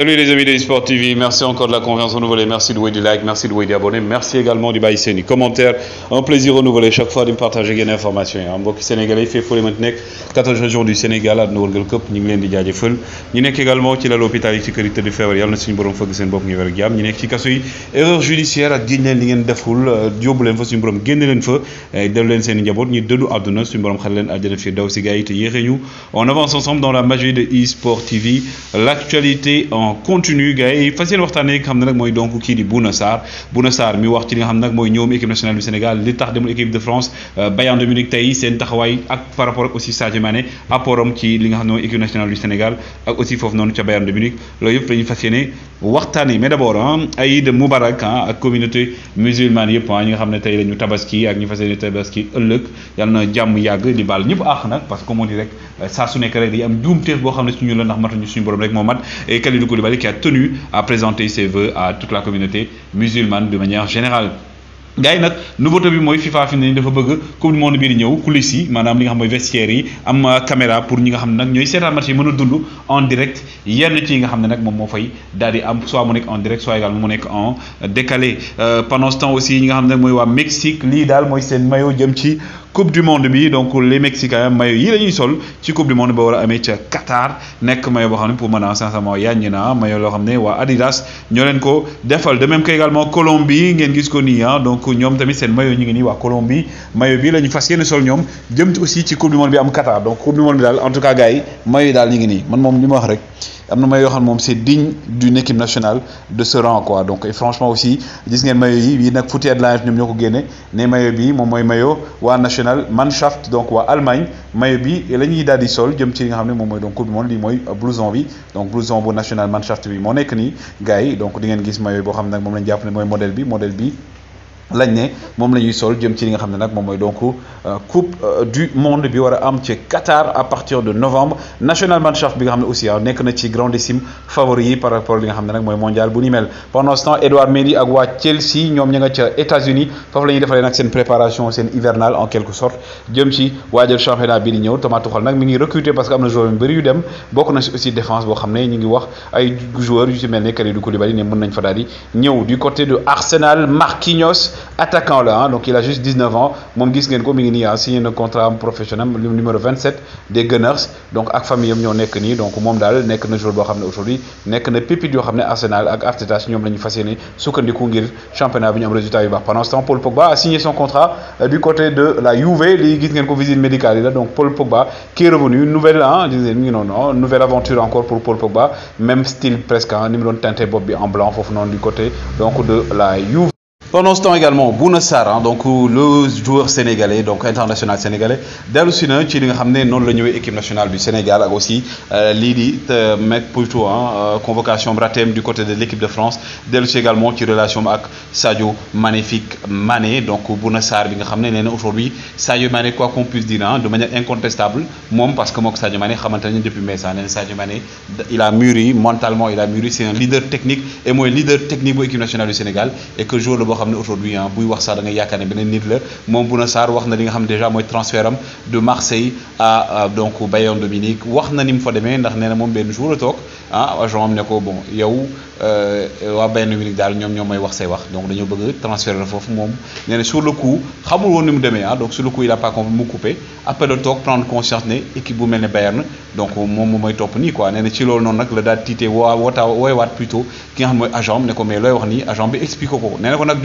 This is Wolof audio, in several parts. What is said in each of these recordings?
Salut les amis des Sport TV, merci encore de la confiance renouvelée, merci de du like, merci de des abonnés, merci également du bail du commentaire. Un plaisir renouvelé chaque fois de partager des informations. En mbokk sénégalais fait foule maintenant 14 jours du Sénégal àdduna wërngal Cup, ñu ngi leen di jaajëfal ñu également ci lal hôpital yi ci kër de février, feebar na suñu borom fëgg seen bopp ñu qui ak une ñu ci yi erreur judiciaire ak génn leen li ngeen deful yóbbu leen fa suñu borom génn leen fa eh, dellu leen seen i njaboot ñu dëddu àdduna suñu borom xale leen àjjana fi daw si gars yi te on avance ensemble dans la magie de eSport TV l'actualité en en continu gars yi fas yéen waxtaanee nga xam ne nag donc ki di Bouna Sarr Bouna Sarr mi wax ci li nga xam nak moy mooy ñoom équipe nationale du Sénégal li tax demul équipe de France euh, Bayern de Munich tey seen taxawaay ak par rapport ak aussi Sadio Mané apportam ci li nga xam ne équipe nationale du Sénégal ak aussi fofu noonu ci Bayern de Munich loolu yëpp dañu fassiyene waxtane waxtaanee mais d' abord hein, Aïd Moubarak hein, ak communauté musulmane yëpp hein, ñi nga xam tay lañu la ñu tabaski ak ñu fassiyene yéene tabaski ëlëk yalla na jamm yàgg di baal ñëpp àq nak parce que comme on dit rek euh, sa su nekk rek di am juumteef boo bo ne suñu la ndax matuñu suñu borom rek mo mat Koulibaly qui a tenu à présenter ses voeux à toute la communauté musulmane de manière générale. gars yi nag nouveauté bi moy FIFA fini ne dafa bëgg coupe du monde bi ñëw coulisses yi li nga xam moy vestiaire yi am caméra pour ñi nga xam nak ñoy sétal match yi mën en direct yenn ci nga xam nak mom mo fay daal am soit mu nekk en direct soit également mu nekk en décalé euh, pendant ce temps aussi ñi nga xam nak moy wa Mexique l'idéal daal moy seen maillot jëm ci. coupe du monde bi donc les mexicains mayo yi la sol ci coupe du monde ba war a amee ca Qatar nekk mayo boo xam ne pour mën a sincèrement yàññi na mayo loo xam ne waa Adidas ñoo leen ko defal de même que également Colombie ngeen gis ko nii ah donc ñoom tamit seen mayo ñu ngi nii waa Colombie mayo bi la ñu fas yéene sol ñoom jëm aussi ci coupe du monde bi am Qatar donc coupe du monde bi daal en tout cas gars mayo yi daal ñu ngi nii man moom li ma wax rek. c'est digne d'une équipe nationale de ce rang quoi donc et franchement aussi gis ngeen mayo yi nak bi national Mannschaft donc Allemagne maillot bi la les des sol jëm ci li nga donc du blouson donc blouson national Mannschaft bi ni donc di maillot modèle bi modèle bi lañ ne moom la sol jëm ci li nga xamné nak mom moy donc euh, coupe euh, du monde bi wara am ci Qatar à partir de novembre national Nationalmannschaft bi nga xamné aussi ah na ci grandissime favori yi par rapport li nga xamné nak moy mondial bu ni mel pendant ce temps Edouard Mendy ak wa Chelsea ñom ñinga ci États-Unis fofu lañuy ñuy nak sen préparation sen hivernale en quelque sorte jëm ci waajal championnat bi di ñëw Thomas Tuchel nak mi ngi recruter parce que amna joueur yu bari yu dem bokku na ci aussi défense bo xamné ne ñu ngi wax ay joueur yu ci mel ne Kalidou Koulibaly né mën nañ fa daal di ñëw du côté de Arsenal Marquinhos attaquant là hein. donc il a juste 19 ans moom gis ngeen ko ah, signé un contrat professionnel numéro 27 des Gunners donc ak famille am ñoo nekk ni. donc moom daal nekk na joueur boo xam ne aujourd'hui nekk na pépite yoo xam Arsenal ak Arteta ñoom la ñu fas yéene sukkandiku ngir championnat bi ñu am résultat yu pendant ce temps Paul Pogba a signé son contrat euh, du côté de la Juve lii gis ngeen ko visite médicale là. donc Paul Pogba qui est revenu nouvelle hein, disait non non nouvelle aventure encore pour Paul Pogba même style presque ah hein. numéro mu doon teinté bi en blanc foofu non du côté donc de la Juve. Pendant ce temps également Bounassar hein, donc le joueur sénégalais donc international sénégalais dellu si qui ci li nga dans l'équipe équipe nationale du Sénégal ak aussi euh, lii di euh, plutôt hein, euh, convocation bratem du côté de l'équipe de France dellu également ci relation avec Sadio magnifique Mané donc Bounassar bi nga été ne aujourd'hui Sadio Mané quoi qu'on puisse dire hein, de manière incontestable moi parce que moi Sadio Mané xamante nañu depuis mai années, Sadio Mané il a mûri mentalement il a mûri c'est un leader technique et moi leader technique de l'équipe nationale du Sénégal et que joueur xam ne aujourd'hui ah buy wax sax da ngay yaakaar ne beneen nit la mom buna Sarr wax na li nga xam déjà mooy transfert de Marseille à euh, donc Bayern Dominique wax na ni fa demee ndax nee mom moom benn jour tok toog ah agent am ne ko bon yow euh, waa Bayern Dominique dal ñom ñomay wax say wax donc dañu bëgg transfert la foofu moom nee sur le coup xamul won nim mu demee ah, donc sur le coup il a pas comme mu coupé après le tok prendre conscience né équipe bu melni Bayern donc mom moy top ni quoi nee na ci loolu noonu le la tité wa waa woota wat plutôt ki nga xam moy agent am ne ko mais loy wax ni agent bi expliqué ko nee ko nak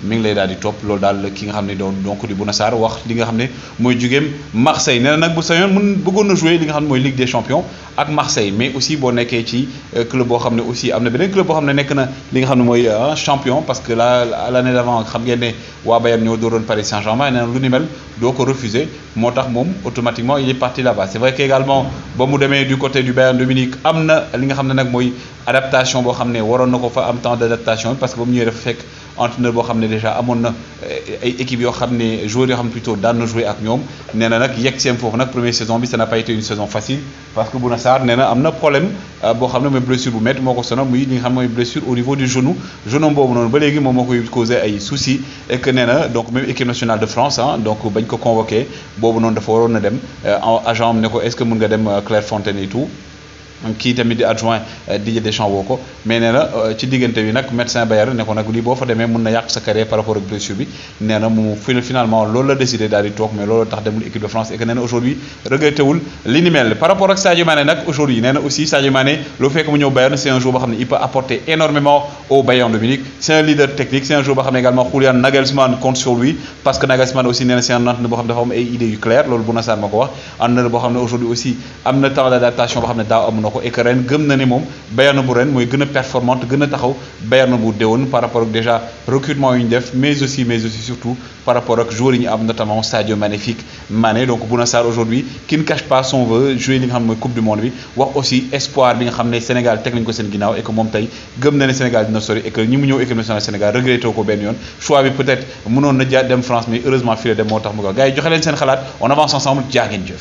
Ming lay daal di topp loolu daal ki nga xam ne doon donc di Bouna Sarr wax li nga xam ne mooy jugeem Marseille nee na nag bu sañoon mun bëggoon na jouer li nga xam ne mooy Ligue des champions ak Marseille mais aussi boo nekkee ci euh, club boo xam ne aussi am na beneen club boo xam ne nekk na li nga xam ne mooy euh, champion parce que la l'année d'avant xam ngeen ne waa Bayern ñoo dooroon Paris Saint-Germain nee na lu ni mel doo ko refuser moo tax moom automatiquement il est parti là-bas c'est vrai que également ba mu demee du côté du Bayern Dominique. Munich am na li nga xam ne nag mooy adaptation boo xam ne waroon na ko fa am temps d'adaptation parce que ba mu ñëwee dafa fekk entraîneur bo xamné ne déjà amoon na euh, ay équipe yo xamné joueur yo yoo xam plutôt daan jouer ak ñom néna nak nag yegg seen foofu première saison bi ça n'a pas été une saison facile parce que Bouna néna amna problème euh, bo xamné même blessure bu met moko ko muy li nga xam blessure au niveau du genou genou bobu non ba légui mom moko koy causé ay soucis et que néna donc même équipe nationale de France hein donc bañ ko convoqué bobu non dafa waroon na dem euh, agent am ko est-ce que mën nga dem Clairefontaine et tout qui tamit di adjoint euh, Didier Deschamps woo ko mais nee na euh, ci diggante bi nag médecin Bayer ne ko nag lii boo fa demee mun na sa par rapport ak blessure bi nee finalement loolu la décidé daal di mais loolu tax demul équipe de France et que nee aujourd'hui regretté wul li mel par rapport à Sadio Mané nag aujourd'hui nee aussi Sadio Mané Le fait que ñëw Bayern c'est un joueur boo il peut apporter énormément au Bayern de Munich c'est un leader technique c'est un joueur boo également Julian Nagelsmann compte sur lui parce que Nagelsmann aussi nee c'est un entraîneur boo xam ne dafa am ay idées yu claires loolu bu na saan ma wax entraîneur aujourd'hui aussi am temps d'adaptation boo xam ne un Monaco et que ren gëm na ne moom Bayern bu ren mooy gën a performante gën a taxaw Bayern bu déwoon par rapport ak déjà recrutement yu ñu def mais aussi mais aussi surtout par rapport ak joueurs yi ñu am notamment Sadio magnifique Mané donc Bouna Sarr aujourd'hui qui ne cache pas son vœu jouer li nga xam mooy coupe du monde bi wax aussi espoir bi nga xam ne Sénégal teg nañ ko seen ginnaaw et que moom tey gëm na ne Sénégal dina sori et que ñi mu ñëw équipe nationale Sénégal regretté ko benn yoon choix bi peut-être mënoon na dem France mais heureusement fii la dem moo tax mu ko gars yi joxe leen seen xalaat on avance ensemble jaa ngeen jëf